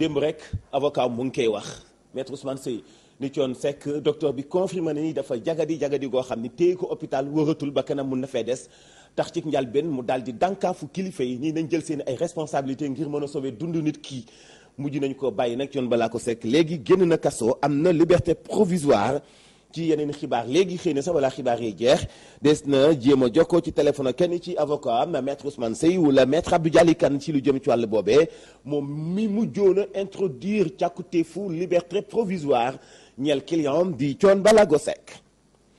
démb rek avocat mu ngi koy wax maître Ousmane sey ni fekk docteur bi confirmé na ni dafa jagadi jagadi goo xam ni hôpital wëratul ba kanam mun na fee des tax ci njal benn mu daal di dànkaafu kilifa yi ñii nañ jël seen ay responsabilité ngir mën a sauver dund nit kii mujj nañ ko bàyyi nag coon balaa ko sekk léegi génn na kaso am liberté provisoire ci yeneen xibaar léegi xëy na sax wala xibaar yi jeex des na jéem a jokkoo ci téléphone kenn ci avocat am maître Ousmane Seye wala maître Abdou Dialy Kane ci lu jëm ci wàll boobee moom mi mujjoon a introduire càkkutéefu liberté provisoire ñeel client di Thione Ballago Seck